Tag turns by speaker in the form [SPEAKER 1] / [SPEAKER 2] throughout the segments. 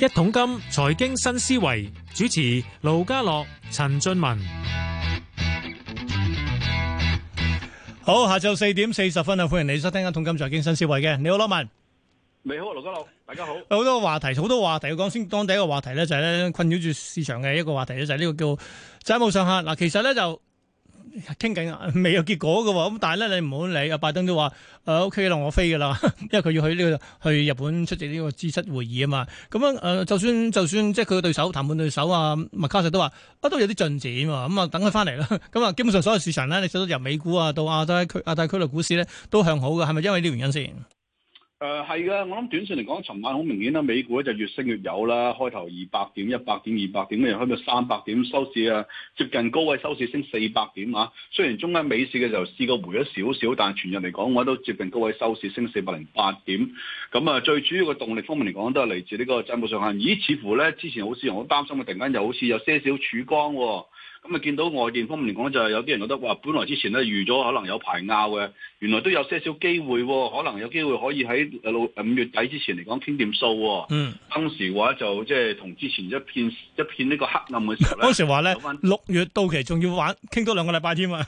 [SPEAKER 1] 一桶金財經新思維主持盧家樂、陳俊文，好，下晝四點四十分啊，歡迎你收聽一桶金財經新思維嘅，你好，羅文，
[SPEAKER 2] 你好，盧家樂，大家
[SPEAKER 1] 好。有好多話題，好多話題要講，先講第一個話題咧，就係咧困擾住市場嘅一個話題咧，就係、是、呢個叫債務上限」。嗱，其實咧就。傾緊啊，未有結果噶喎，咁但係咧你唔好理，阿拜登都話，誒 O K 啦，OK，我飛噶啦，因為佢要去呢、這個去日本出席呢個 G7 會議啊嘛，咁樣誒，就算就算即係佢嘅對手談判對手啊，麥卡錫都話，啊都有啲進展啊，咁啊等佢翻嚟啦，咁啊基本上所有市場咧，你睇到由美股啊到亞太區亞太區嘅股市咧都向好嘅，係咪因為呢個原因先？
[SPEAKER 2] 誒、呃，係噶，我諗短線嚟講，尋晚好明顯啦，美股咧就越升越有啦，開頭二百點、一百點、二百點咧，開到三百點，收市啊接近高位收市升四百點啊！雖然中間尾市嘅時候試過回咗少少，但係全日嚟講，我都接近高位收市升四百零八點。咁啊，最主要嘅動力方面嚟講，都係嚟自呢個債務上限。咦，似乎咧之前好似好擔心嘅，突然間又好似有些少曙光、啊。咁、嗯、啊，見到外電方面嚟講，就係有啲人覺得話，本來之前咧預咗可能有排拗嘅，原來都有些少機會、哦，可能有機會可以喺六五月底之前嚟講傾掂數、哦。嗯，當時話就即係同之前一片一片呢個黑暗嘅時候咧。當時話咧，
[SPEAKER 1] 六月到期仲要玩，傾多兩個禮拜添啊！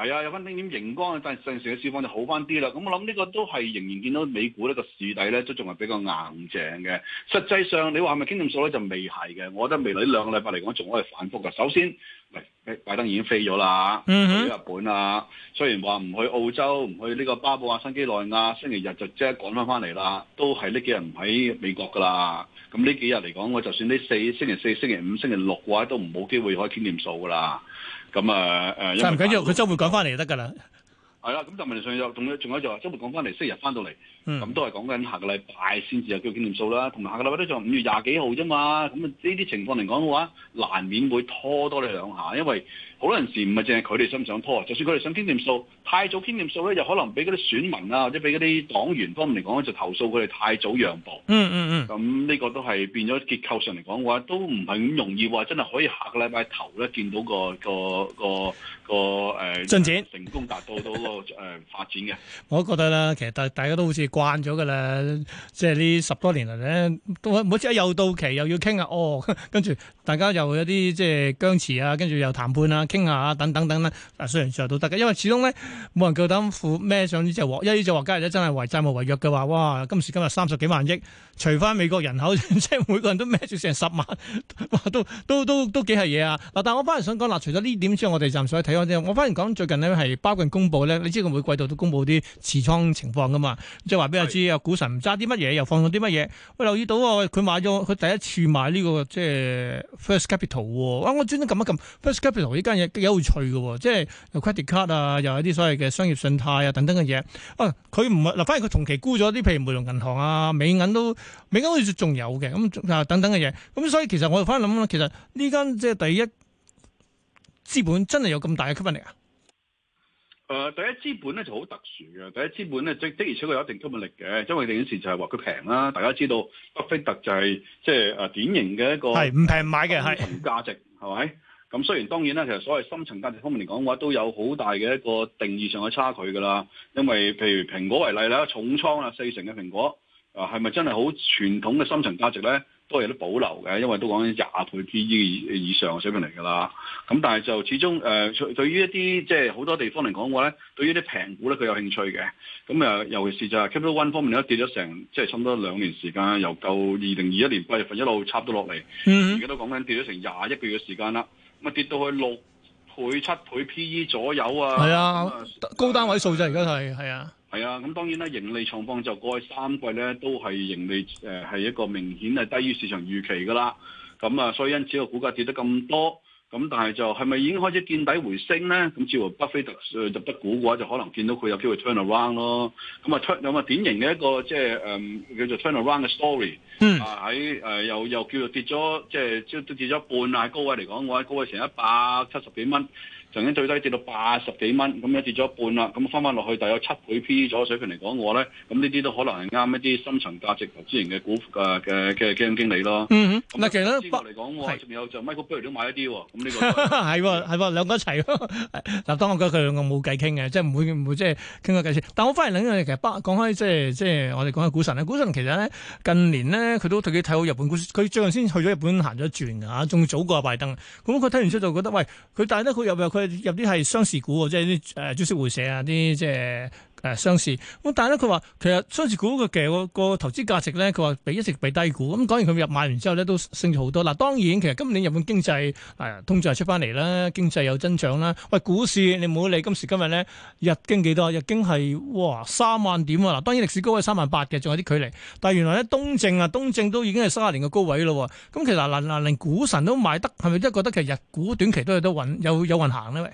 [SPEAKER 2] 係啊，有翻點點熒光，但係上時嘅市況就好翻啲啦。咁我諗呢個都係仍然見到美股呢個市底咧，都仲係比較硬淨嘅。實際上你話係咪傾掂數咧，就未係嘅。我覺得未來呢兩個禮拜嚟講，仲可以反覆㗎。首先，唔拜登已經飛咗啦，mm-hmm. 去日本啦。雖然話唔去澳洲，唔去呢個巴布亞新幾內亞，星期日就即刻趕翻翻嚟啦。都係呢幾日唔喺美國㗎啦。咁呢幾日嚟講，我就算呢四星期四、星期五、星期六嘅話，都唔冇機會可以傾掂數㗎啦。咁啊，誒、呃，唔緊要，佢週末
[SPEAKER 1] 講翻嚟得㗎啦。
[SPEAKER 2] 係啦，咁就問上又仲有，仲有就話週末講翻嚟，星期日翻到嚟，咁都係講緊下個禮拜先至有叫檢驗數啦。同埋下個禮拜都仲五月廿幾號啫嘛。咁啊，呢啲情況嚟講嘅話，難免會拖多你兩下，因為，好多陣時唔係淨係佢哋想唔想拖啊，就算佢哋想傾掂數，太早傾掂數咧，又可能俾嗰啲選民啊，或者俾嗰啲黨員方面嚟講咧，就投訴佢哋太早讓步。嗯
[SPEAKER 3] 嗯嗯。咁、
[SPEAKER 2] 嗯、呢個都係變咗結構上嚟講嘅話，都唔係咁容易話，真係可以下個禮拜頭咧，見到個個個個誒、呃、進展，成功達到到個誒發展嘅。
[SPEAKER 1] 我覺得啦，其實大大家都好似慣咗㗎啦，即係呢十多年嚟咧，都唔好知又到期又要傾啊，哦，跟住大家又有啲即係僵持啊，跟住又談判啊。傾下等等等啦，雖然上都得嘅，因為始終咧冇人夠膽負孭上呢隻鑊一呢就話家係真係違債務違約嘅話，哇，今時今日三十幾萬億。除翻美國人口，即係每個人都孭住成十萬，都都都都，都幾係嘢啊！嗱，但我反而想講嗱，除咗呢點之外，我哋暫時睇開啫。我反而講最近呢係包括公佈咧，你知佢每季度都公佈啲持倉情況噶嘛？即係話比較知啊，股神揸啲乜嘢，又放咗啲乜嘢？喂、哎，留意到佢買咗佢第一次買呢、這個即係 First Capital 喎。啊，我專登撳一撳 First Capital 呢間嘢幾有趣喎，即係 credit card 啊，又有啲所謂嘅商業信貸啊等等嘅嘢。佢唔係嗱，反而佢同期沽咗啲，譬如梅隆銀行啊、美銀都。美金好似仲有嘅，咁啊等等嘅嘢，咁所以其實我哋翻去諗諗，其實呢間即係第一資本真係有咁大嘅吸引力啊？
[SPEAKER 2] 誒、呃，第一資本咧就好特殊嘅，第一資本咧即的而且確有一定吸引力嘅，因為嗰陣時就係話佢平啦，大家知道巴菲特就係即係誒典型嘅一個係唔平唔買嘅，係深層價值係咪？咁雖然當然啦，其實所謂深層價值方面嚟講嘅話，都有好大嘅一個定義上嘅差距噶啦，因為譬如蘋果為例啦，重倉啊四成嘅蘋果。啊，係咪真係好傳統嘅深層價值咧？都係有啲保留嘅，因為都講緊廿倍 P E 以上嘅水平嚟㗎啦。咁但係就始終誒、呃，對於一啲即係好多地方嚟講嘅話咧，對於啲平股咧，佢有興趣嘅。咁、嗯、誒，尤其是就係 Capital One 方面咧、mm-hmm.，跌咗成即係差唔多兩年時間，由舊二零二一年八月份一路插到落嚟，而家都講緊跌咗成廿一個月嘅時間啦。咁啊跌到去六倍、七倍 P E 左右啊。係啊、嗯，
[SPEAKER 1] 高單位數就而家係係啊。
[SPEAKER 2] 係啊，咁當然啦，盈利狀況就過去三季咧都係盈利誒係、呃、一個明顯係低於市場預期噶啦。咁啊，所以因此個股價跌得咁多，咁但係就係咪已經開始見底回升咧？咁至於巴菲特就入得股嘅話，就可能見到佢有機會 turn around 咯。咁啊出咁啊典型嘅一個即係誒叫做 turn around 嘅 story、嗯。啊喺誒、呃、又又叫做跌咗即係即係跌咗半啊高位嚟講嘅話，高位成一百七十幾蚊。曾經最低跌到八十幾蚊，咁一跌咗一半啦，咁翻翻落去，大約七倍 P/E 咗水平嚟講，我咧咁呢啲都可能係啱一啲深層價值投資型嘅股嘅嘅嘅經理咯。嗯哼、嗯嗯啊，其實咧，八嚟講喎，仲有就 Michael Burry 都買一啲喎，咁呢個
[SPEAKER 1] 係喎係喎，兩個一齊。嗱， 當我覺得佢兩個冇計傾嘅，即係唔會唔會即係傾下計算。但我反而另一其實八講開、就是、即係即係我哋講下股神咧，股神其實呢，近年呢，佢都對佢睇好日本股，佢最近先去咗日本行咗一轉㗎仲早過阿拜登。咁佢睇完之後就覺得喂，佢帶得佢入佢。有啲係商事股，即係啲誒株式會社啊，啲即係。誒，上市咁，但係咧，佢話其實上市股嘅其個投資價值咧，佢話比一直比低估。咁講完佢入買完之後咧，都升咗好多。啦當然，其實今年日本經濟誒通脹出翻嚟啦，經濟有增長啦。喂，股市你唔好理，今時今日咧日經幾多？日經係哇三萬點啊！嗱，當然歷史高位三萬八嘅，仲有啲距離。但係原來咧東證啊，東證都已經係卅年嘅高位咯。咁其實嗱嗱嗱，連股神都買得，係咪真係覺得其實日股短期都有得運，有有運行咧？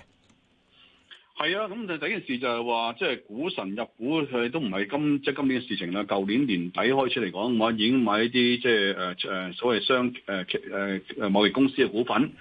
[SPEAKER 2] 係啊，咁就第第一件事就係話，即係股神入股，佢都唔係今即係今年嘅事情啦。舊年年底開始嚟講，我已經買一啲即係誒誒所謂商誒誒誒貿易公司嘅股份，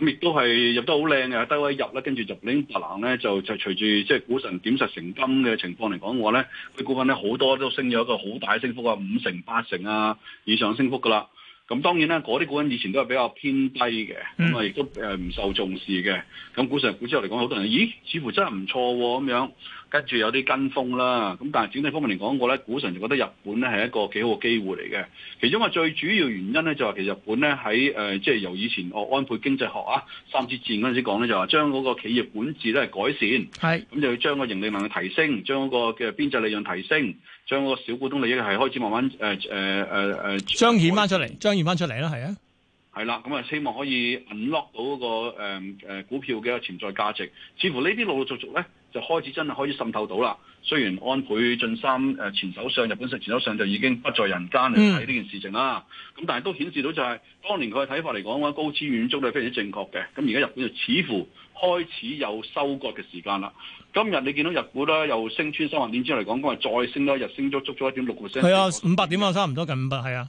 [SPEAKER 2] 咁亦都係入得好靚嘅，低位入啦，跟住就拎白蘭咧，就就隨住即係股神點實成金嘅情況嚟講嘅話，我咧佢股份咧好多都升咗一個好大嘅升幅啊，五成八成啊以上升幅噶啦。咁當然啦，嗰啲股份以前都係比較偏低嘅，咁啊亦都誒唔受重視嘅。咁股上股之後嚟講，好多人咦，似乎真係唔錯喎、啊、咁樣。跟住有啲跟風啦，咁但係整體方面嚟講，我咧股神就覺得日本咧係一個幾好嘅機會嚟嘅。其中嘅最主要原因咧就係其實日本咧喺、呃、即係由以前我安倍經濟學啊三次戰嗰陣時講咧，就話將嗰個企業本質咧改善，咁就要將個盈利能力提升，將個嘅邊際利潤提升，將嗰個小股東利益係開始慢慢誒誒誒誒
[SPEAKER 1] 彰顯翻出嚟，彰顯翻出嚟啦，係啊，
[SPEAKER 2] 係啦，咁、嗯、啊希望可以 unlock 到嗰、那個誒、呃、股票嘅潛在價值，似乎路路組組呢啲陸陸續續咧。就開始真係開始滲透到啦。雖然安倍晉三誒前首相日本前首相就已經不在人間嚟睇呢件事情啦。咁、嗯、但係都顯示到就係、是、當年佢嘅睇法嚟講嘅話，高瞻遠矚都係非常之正確嘅。咁而家日本就似乎開始有收割嘅時間啦。今日你見到日股咧又升穿三萬點之後嚟講，今日再升多一日升，升咗足足一點六個 percent 係啊，五
[SPEAKER 1] 百點啊，差唔多近五百係啊。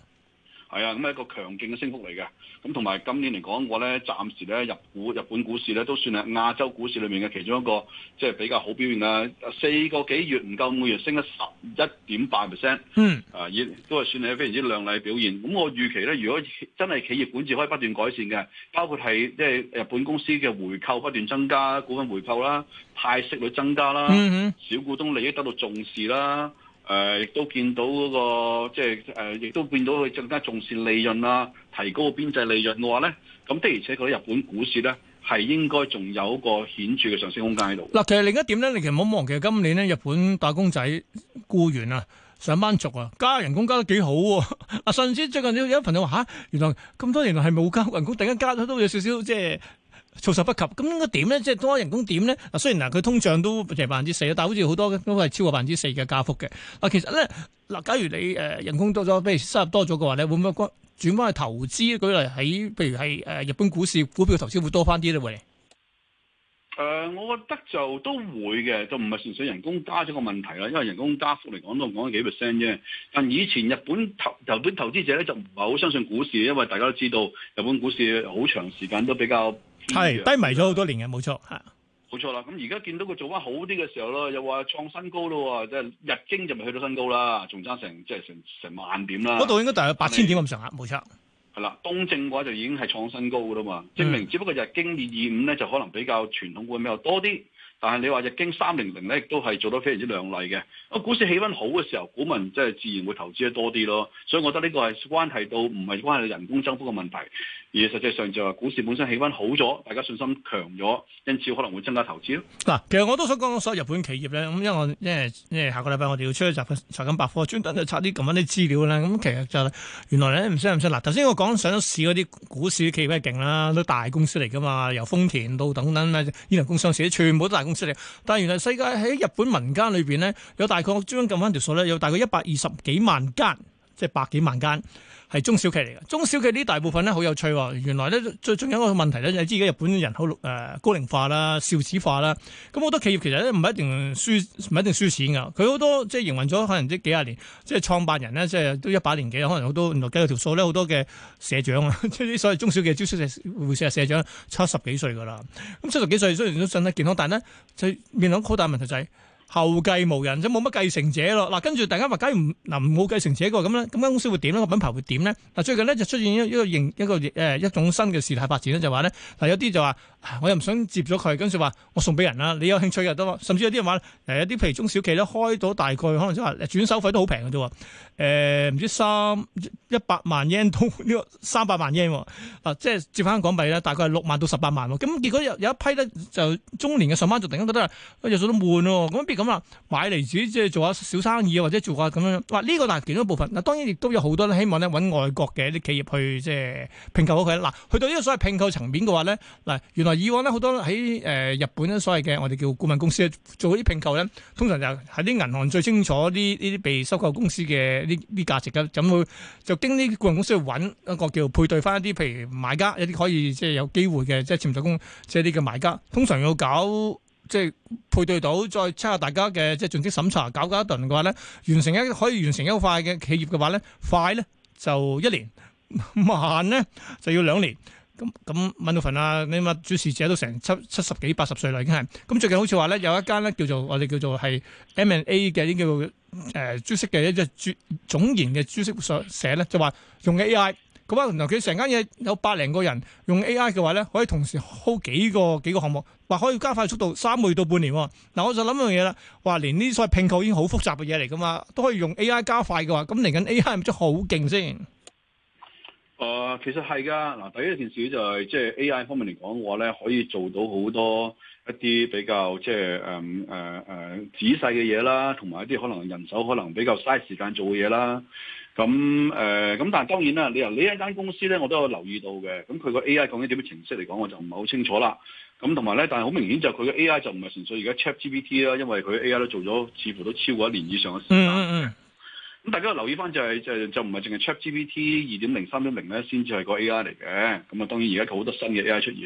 [SPEAKER 2] 係啊，咁一個強勁嘅升幅嚟嘅，咁同埋今年嚟講我呢咧，暫時咧入股日本股市咧都算係亞洲股市裏面嘅其中一個即係、就是、比較好表現啦。四個幾月唔夠每月升咗十一點八 percent，嗯，啊，亦都係算係非常之亮麗表現。咁我預期咧，如果真係企業管治可以不斷改善嘅，包括係即係日本公司嘅回購不斷增加股份回購啦，派息率增加啦，小股東利益得到重視啦。誒、呃、亦都見到嗰、那個即係誒，亦、呃、都見到佢更加重視利潤啦、啊，提高嗰邊際利潤嘅話咧，咁的而且確，日本股市咧係應該仲有個顯著嘅上升空間喺度。
[SPEAKER 1] 嗱，其實另一點咧，你其實唔好忘記，今年咧日本打工仔雇員啊上班族啊加人工加得幾好喎、啊。甚至最近有有啲朋友話吓、啊，原來咁多年來係冇加人工，突然間加得都有少少即、就、係、是。措手不及，咁應該點咧？即係多人工點咧？嗱，雖然嗱，佢通脹都成百分之四啦，但係好似好多都係超過百分之四嘅加幅嘅。嗱，其實咧，嗱，假如你誒、呃、人工多咗，譬如收入多咗嘅話你會唔會轉翻去投資？舉例喺譬如係誒、呃、日本股市股票投資會多翻啲咧？會？誒，
[SPEAKER 2] 我覺得就都會嘅，就唔係純粹人工加咗個問題啦。因為人工加幅嚟講都講緊幾 percent 啫。但以前日本投日本投資者咧就唔係好相信股市，因為大家都知道日本股市好長時間都比較。係低迷咗好多年嘅，冇錯吓，冇錯啦。咁而家見到佢做翻好啲嘅時候咯，又話創新高咯，即係日經就未去到新高啦，仲爭成即係成成，成萬點啦。嗰度應該
[SPEAKER 1] 大約八千點咁上下，冇錯。
[SPEAKER 2] 係啦，東證嘅話就已經係創新高噶啦嘛，證明，只不過日經二二五咧就可能比較傳統股會比較多啲，但係你話日經三零零咧亦都係做得非常之亮麗嘅。個股市氣温好嘅時候，股民即係自然會投資得多啲咯，所以我覺得呢個係關係到唔係關係到人工增幅嘅問題。而實際上就係話，股市本身氣温好咗，大家信心強咗，因此可能會增加投資咯。
[SPEAKER 1] 嗱，其實我都想講講所有日本企業咧，咁因為因為因為下個禮拜我哋要出去集集金百貨，專登去查啲咁樣啲資料咧。咁其實就原來咧，唔知唔知嗱，頭先我講上咗市嗰啲股市企得勁啦，都大公司嚟噶嘛，由豐田到等等咧，伊藤忠商社全部都大公司嚟。但係原來世界喺日本民間裏邊呢，有大概專登撳翻條數呢，有大概一百二十幾萬間，即係百幾萬間。係中小企嚟嘅，中小企呢，大部分咧好有趣、哦，原來咧，最仲有一個問題咧，你知而家日本人口誒、呃、高齡化啦、少子化啦，咁好多企業其實咧唔係一定輸，唔係一定輸錢㗎，佢好多即係營運咗可能即幾幾廿年，即係創辦人咧，即係都一百年幾，可能好多原來計過條數咧，好多嘅社長啊，即係啲所謂中小企株式會社嘅社長七十幾歲㗎啦，咁七十幾歲雖然都身體健康，但係咧就面臨好大問題就係。後繼無人，就冇乜繼承者咯。嗱，跟住大家話，假如嗱冇繼承者個咁啦咁間公司會點呢？個品牌會點咧？嗱，最近咧就出現一個型一個，一，個、呃、一種新嘅事態發展咧，就話咧嗱，有啲就話。我又唔想接咗佢，跟住話我送俾人啦。你有興趣又得喎。甚至有啲人話，誒、呃，有啲譬如中小企咧開到大概可能即係話轉手費都好平嘅啫。誒、呃，唔知三一百萬 yen 到呢個三百萬 yen，、喔、啊，即係折翻港幣咧，大概係六萬到十八萬、喔。咁結果有有一批咧就中年嘅上班族突然間覺得啊，又做得悶咯，咁不如咁啦，買嚟自己即係做下小生意啊，或者做下咁樣。哇、啊，呢、這個嗱其中一部分。嗱、啊，當然亦都有好多都希望咧搵外國嘅一啲企業去即係併購屋企。嗱、啊，去到呢個所謂併購層面嘅話咧，嗱、啊，原來。以往咧好多喺誒日本咧所謂嘅我哋叫顧問公司做啲併購咧，通常就係啲銀行最清楚啲呢啲被收購公司嘅呢啲價值嘅，噉會就經呢啲顧問公司去揾一個叫配對翻一啲譬如買家，一啲可以即係有機會嘅即係潛在工，即係呢個買家，通常要搞即係配對到，再參考大家嘅即係盡職審查，搞搞一頓嘅話咧，完成一可以完成一塊嘅企業嘅話咧，快咧就一年，慢咧就要兩年。咁咁問到份啊，你乜主事者都成七七十幾八十歲啦，已經係咁最近好似話咧，有一間咧叫做我哋叫做係 M&A 嘅呢做誒株式嘅一隻總研嘅株式所寫咧，就話用 AI 咁、嗯、啊，同佢成間嘢有百零個人用 AI 嘅話咧，可以同時開幾個幾個項目，話可以加快速度三個月到半年。嗱、嗯，我就諗一樣嘢啦，話連呢所謂拼購已經好複雜嘅嘢嚟㗎嘛，都可以用 AI 加快嘅話，咁嚟緊 AI 係咪真係好勁先？
[SPEAKER 2] 啊、呃，其實係噶，嗱，第一件事就係即係 A.I. 方面嚟講嘅話咧，可以做到好多一啲比較即係誒誒誒仔細嘅嘢啦，同埋一啲可能人手可能比較嘥時間做嘅嘢啦。咁誒咁，但係當然啦，你由呢一間公司咧，我都有留意到嘅。咁佢個 A.I. 究竟點嘅程式嚟講，我就唔係好清楚啦。咁同埋咧，但係好明顯就係佢個 A.I. 就唔係純粹而家 Chat GPT 啦，因為佢 A.I. 都做咗似乎都超過一年以上嘅
[SPEAKER 3] 時間。嗯嗯。
[SPEAKER 2] 咁大家留意翻就係，係，就就唔係淨係 ChatGPT 二點零三點零咧，先至係個 AI 嚟嘅。咁啊，當然而家佢好多新嘅 AI 出現。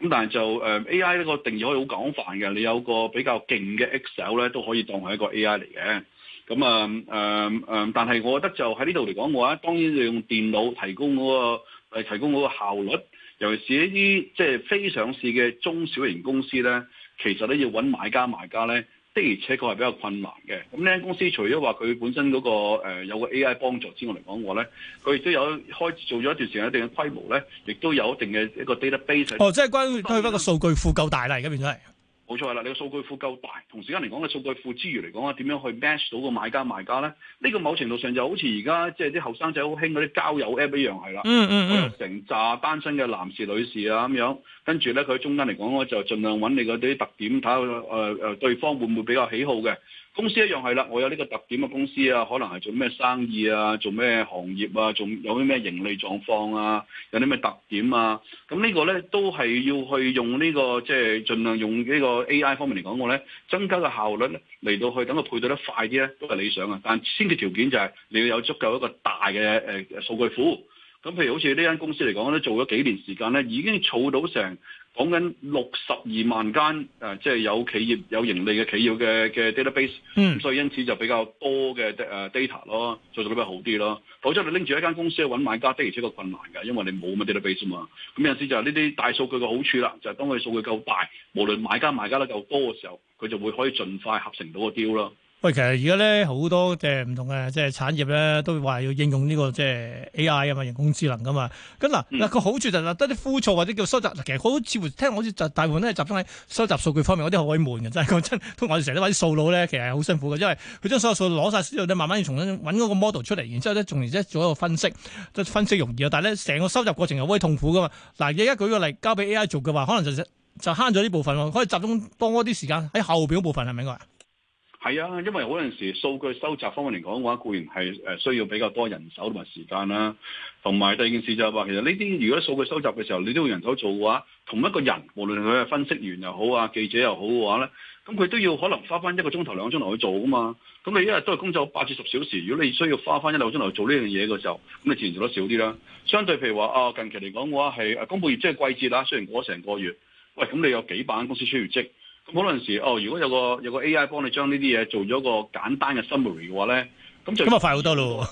[SPEAKER 2] 咁但係就，嗯、AI 呢個定義可以好廣泛嘅，你有個比較勁嘅 Excel 咧，都可以當係一個 AI 嚟嘅。咁啊，嗯嗯、但係我覺得就喺呢度嚟講嘅話，當然要用電腦提供嗰，那個提供嗰個效率，尤其是一啲即係非上市嘅中小型公司咧，其實咧要揾買家賣家咧，的而且確係比較困難嘅。咁呢間公司除咗話佢本身嗰個誒有個 AI 幫助之外嚟講嘅話咧，佢亦都有開始做咗一段時間一定嘅規模咧，亦都有一定嘅一個 database。哦，即係
[SPEAKER 1] 關於佢嗰個數據庫夠大啦，而家變咗係。
[SPEAKER 2] 冇錯啦，你個數據庫夠大，同時間嚟講，個數據庫之餘嚟講啊，點樣去 match 到個買家賣家咧？呢個某程度上就好似而家即係啲後生仔好興嗰啲交友 app 一樣係啦。嗯嗯，佢有成紮單身嘅男士女士啊咁樣，跟住咧佢喺中間嚟講咧就盡量揾你嗰啲特點，睇下誒誒對方會唔會比較喜好嘅。公司一樣係啦，我有呢個特點嘅公司啊，可能係做咩生意啊，做咩行業啊，仲有啲咩盈利狀況啊，有啲咩特點啊，咁呢個咧都係要去用呢個即係儘量用呢個 AI 方面嚟講，我咧增加嘅效率咧嚟到去等佢配對得快啲咧都係理想啊。但先決條件就係你要有足夠一個大嘅誒數據庫。咁譬如好似呢間公司嚟講咧，做咗幾年時間咧，已經儲到成，講緊六十二萬間誒，即、啊、係、就係、有企業有盈利嘅企業嘅嘅 database，嗯，所以因此就比較多嘅誒 data 咯，做得比較好啲咯，否則你拎住一間公司去揾買家，的而且確困難㗎，因為你冇乜 database 嘛。咁、嗯、有陣時就係呢啲大數據嘅好處啦，就係、是、當佢數據夠大，無論買家賣家得夠多嘅時候，佢就會可以盡快合成到個 deal 啦。
[SPEAKER 1] 喂，其實而家咧好多即係唔同嘅即係產業咧，都會話要應用呢個即係 A.I. 啊嘛，人工智能噶嘛。咁嗱嗱個好處就嗱得啲枯燥或者叫收集，其實好似乎聽好似就大部分都係集中喺收集數據方面，嗰啲好鬼悶嘅，真係講真。通常我哋成日都話啲數腦咧，其實係好辛苦嘅，因為佢將所有數攞晒之後咧，慢慢要重新揾嗰個 model 出嚟，然之後咧，仲然之做一個分析，即分析容易啊。但係咧成個收集過程又鬼痛苦噶嘛。嗱，而家舉個例，交俾 A.I. 做嘅話，可能就就慳咗呢部分，可以集中多啲時間喺後邊嗰部分啊，係咪啩？
[SPEAKER 2] 係啊，因為嗰陣時數據收集方面嚟講嘅話，固然係需要比較多人手同埋時間啦。同埋第二件事就係話，其實呢啲如果數據收集嘅時候，你都要人手做嘅話，同一個人無論佢係分析員又好啊，記者又好嘅話咧，咁佢都要可能花翻一個鐘頭兩個鐘頭去做噶嘛。咁你一日都係工作八至十小時，如果你需要花翻一兩個鐘頭做呢樣嘢嘅時候，咁你自然做得少啲啦。相對譬如話啊，近期嚟講嘅話係公佈業績嘅季節啦，雖然過咗成個月，喂，咁你有幾百間公司出業績？嗰陣時，哦，如果有個有個 AI 幫你將呢啲嘢做咗個簡單嘅 summary 嘅話咧，咁就咁啊，快好多咯，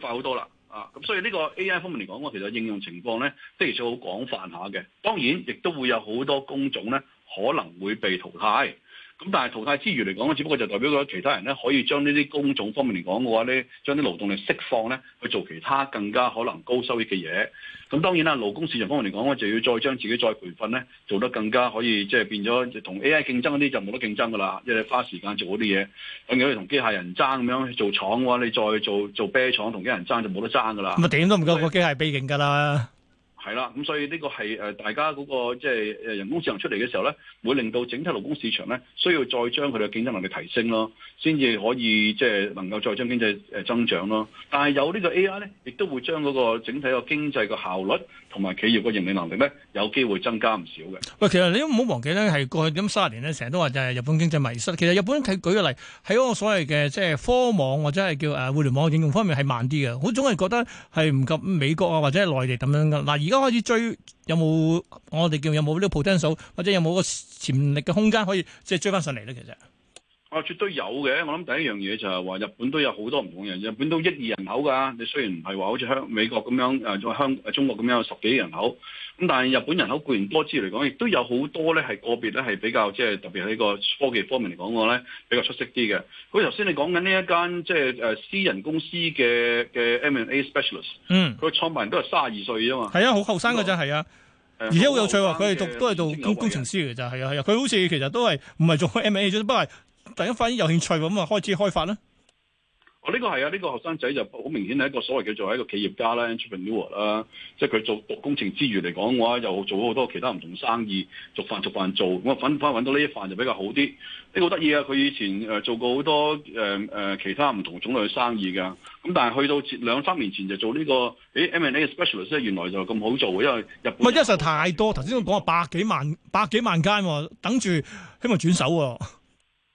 [SPEAKER 2] 快好多啦啊！咁所以呢個 AI 方面嚟講，我其實應用情況咧，的而且好廣泛下嘅。當然，亦都會有好多工種咧可能會被淘汰。咁但係淘汰之餘嚟講咧，只不過就代表咗其他人咧可以將呢啲工種方面嚟講嘅話咧，將啲勞動力釋放咧去做其他更加可能高收益嘅嘢。咁當然啦，勞工市場方面嚟講咧，就要再將自己再培訓咧，做得更加可以即係、就是、變咗同 A I 競爭嗰啲就冇得競爭㗎啦，即、就、係、是、花時間做嗰啲嘢，咁如果你同機械人爭咁樣做廠嘅話，你再做做啤廠同機械人爭就冇得爭㗎啦。咁啊，
[SPEAKER 1] 點都唔夠個機械悲境㗎啦！
[SPEAKER 2] 係啦，咁所以呢個係誒大家嗰個即係誒人工智能出嚟嘅時候咧，會令到整體勞工市場咧需要再將佢嘅競爭能力提升咯，先至可以即係能夠再將經濟誒增長咯。但係有呢個 A.I. 咧，亦都會將嗰個整體個經濟嘅效率。同埋企業個盈利能力咧，有機會增加唔少嘅。
[SPEAKER 1] 喂，其實你都唔好忘記咧，係過去咁三十年咧，成日都話就係日本經濟迷失。其實日本佢舉個例喺嗰個所謂嘅即係科網或者係叫誒互聯網應用方面係慢啲嘅。我，總係覺得係唔及美國啊，或者係內地咁樣噶。嗱，而家開始追，有冇我哋叫有冇呢個 potential 或者有冇個潛力嘅空間可以即係追翻上嚟咧，其實。
[SPEAKER 2] 我、啊、絕對有嘅，我諗第一樣嘢就係話日本都有好多唔同人，日本都一二人口㗎。你雖然唔係話好似香美國咁樣，誒、啊、香中國咁樣有十幾億人口，咁但係日本人口固然多之嚟講，亦都有好多咧係個別咧係比較即係特別喺個科技方面嚟講，我咧比較出色啲嘅。佢頭先你講緊呢一間即係誒私人公司嘅嘅 M&A specialist，嗯，佢創辦人都係卅二歲啊嘛，係
[SPEAKER 1] 啊，好後生㗎啫，係啊，啊，而且好有趣喎，佢係讀都係讀工工程師嘅咋，係啊，係啊，佢、啊、好似其實都係唔係做 M and A 啫，不係。第一，反而有興趣咁啊，開始開發啦。
[SPEAKER 2] 哦，呢、這個係啊，呢、這個學生仔就好明顯係一個所謂叫做一個企業家啦，entrepreneur 啦，即係佢做工程之餘嚟講嘅話，又做好多其他唔同生意，逐瓣逐瓣做。我揾翻揾到呢一瓣就比較好啲。呢、這個得意啊，佢以前誒、呃、做過好多誒誒、呃、其他唔同種類嘅生意噶。咁但係去到兩三年前就做呢、這個誒、欸、M and A specialist 原來就咁好做嘅，因為日本。唔係，一實太
[SPEAKER 1] 多。頭先我講啊，百幾萬，百幾萬間、啊，等住希望轉手啊。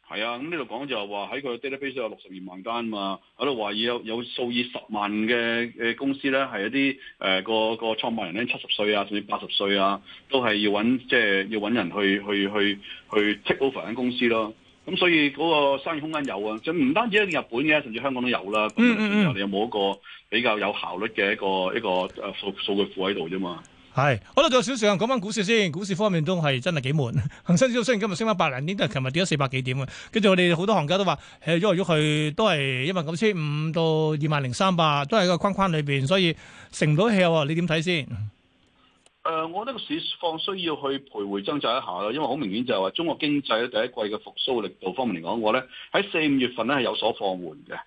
[SPEAKER 2] 係啊，咁呢度講就係話喺佢 database 有六十二萬間嘛，喺度懷疑有有數以十萬嘅公司咧，係一啲、呃、個，個創辦人咧七十歲啊，甚至八十歲啊，都係要搵，即係要搵人去去去去 take over 間公司咯。咁所以嗰個生意空間有啊，就唔單止喺日本嘅，甚至香港都有啦、啊。咁你有冇一個比較有效率嘅一個一個，一個數數據庫喺度啫嘛？係，好啦，仲有少少，講
[SPEAKER 1] 翻、那個、股市先。股市方面都係真係幾悶，恒生指數雖然今日升翻百零點，但係琴日跌咗四百幾點嘅。跟住我哋好多行家都話，誒，喐嚟喐去都係一萬九千五到二萬零三百，都係一個框框裏邊，所以成唔到氣候。你點睇先？
[SPEAKER 2] 誒、呃，我覺得個市況需要去徘徊掙扎一下咯，因為好明顯就係話中國經濟咧第一季嘅復蘇力度方面嚟講，我咧喺四五月份咧係有所放緩嘅。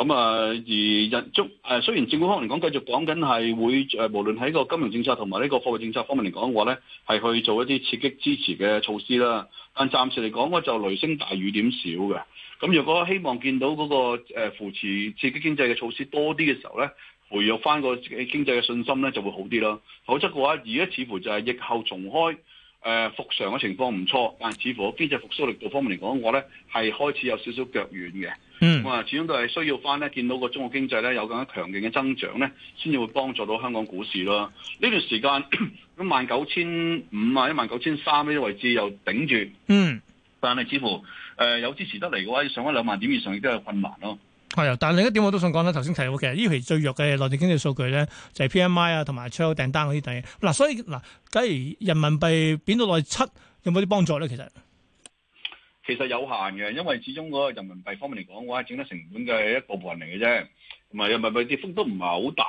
[SPEAKER 2] 咁、嗯、啊，而日中誒雖然政府方面講繼續講緊係會誒，無論喺個金融政策同埋呢個貨幣政策方面嚟講嘅話呢，咧，係去做一啲刺激支持嘅措施啦。但暫時嚟講，我就雷聲大雨點少嘅。咁如果希望見到嗰個扶持刺激經濟嘅措施多啲嘅時候咧，培育翻個經濟嘅信心咧，就會好啲咯。否則嘅話，而家似乎就係疫後重開誒、呃、復常嘅情況唔錯，但似乎經濟復蘇力度方面嚟講嘅話呢，咧，係開始有少少腳軟嘅。嗯，我始終都係需要翻咧，見到個中國經濟咧有更加強勁嘅增長咧，先至會幫助到香港股市咯。呢段時間一萬九千五啊，一萬九千三呢啲位置又頂住，
[SPEAKER 1] 嗯，
[SPEAKER 2] 但係似乎誒有支持得嚟嘅話，要上翻兩萬點以上亦都有困難咯。
[SPEAKER 1] 係啊，但係另一點我都想講咧，頭先提到嘅，呢期最弱嘅內地經濟數據咧，就係 P M I 啊，同埋出口訂單嗰啲等嘢。嗱，所以嗱，假如人民幣貶到內七有沒有，有冇啲幫助咧？其實？
[SPEAKER 2] 其實有限嘅，因為始終嗰個人民幣方面嚟講嘅話，整體成本嘅一部分嚟嘅啫。唔係人民幣跌幅都唔係好大。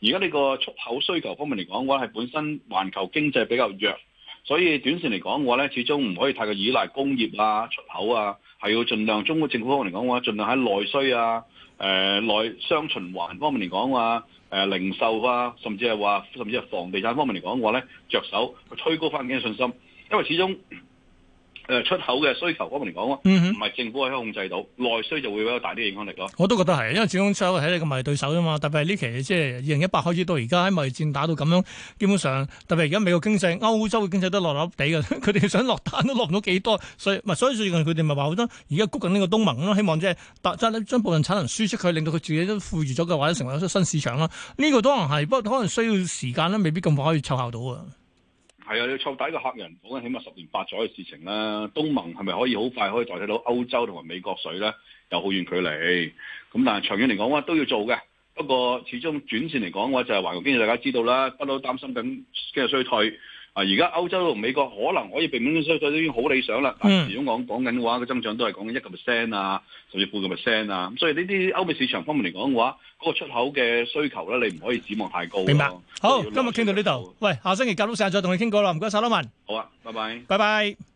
[SPEAKER 2] 而家呢個出口需求方面嚟講嘅話，係本身環球經濟比較弱，所以短線嚟講嘅話咧，始終唔可以太過依賴工業啊、出口啊，係要盡量。中國政府方面嚟講嘅話，盡量喺內需啊、誒內雙循環方面嚟講啊、誒零售啊，甚至係話甚至係房地產方面嚟講嘅話咧，着手去推高翻啲信心，因為始終。誒出口嘅需求方面嚟講咯，唔係政府可以控制到內需就會比較大啲影響力咯。
[SPEAKER 1] 我都覺得係，因為始終出口喺你個貿易對手啊嘛。特別係呢期即係二零一八開始到而家喺貿易戰打到咁樣，基本上特別係而家美國經濟、歐洲嘅經濟都落落地嘅，佢哋想落單都落唔到幾多，所以唔係，所以最近佢哋咪話好多而家谷緊呢個東盟咯，希望即係將部分產能輸出佢，令到佢自己都富裕咗嘅，或者成為一出新市場咯。呢個可能係，不過可能需要時間啦，未必咁快可以奏效到啊。
[SPEAKER 2] 係啊，你湊底個客人講緊起碼十年八載嘅事情啦。東盟係咪可以好快可以代替到歐洲同埋美國水咧？有好遠距離。咁但係長遠嚟講話，都要做嘅。不過始終轉線嚟講嘅話，就係環球經濟大家知道啦，不嬲擔心緊經濟衰退。啊！而家歐洲同美國可能可以避免咗衰退，都已經好理想啦。啊，如果講講緊嘅話，個增長都係講緊一個 percent 啊，甚至半個 percent 啊。咁所以呢啲歐美市場方面嚟講嘅話，嗰個出口嘅需求咧，你唔可以指望太高。明白。
[SPEAKER 1] 好，今日傾到呢度。喂，下星期夾到時，再同你傾過啦。唔該晒，俊文。
[SPEAKER 2] 好啊，拜拜。
[SPEAKER 1] 拜拜。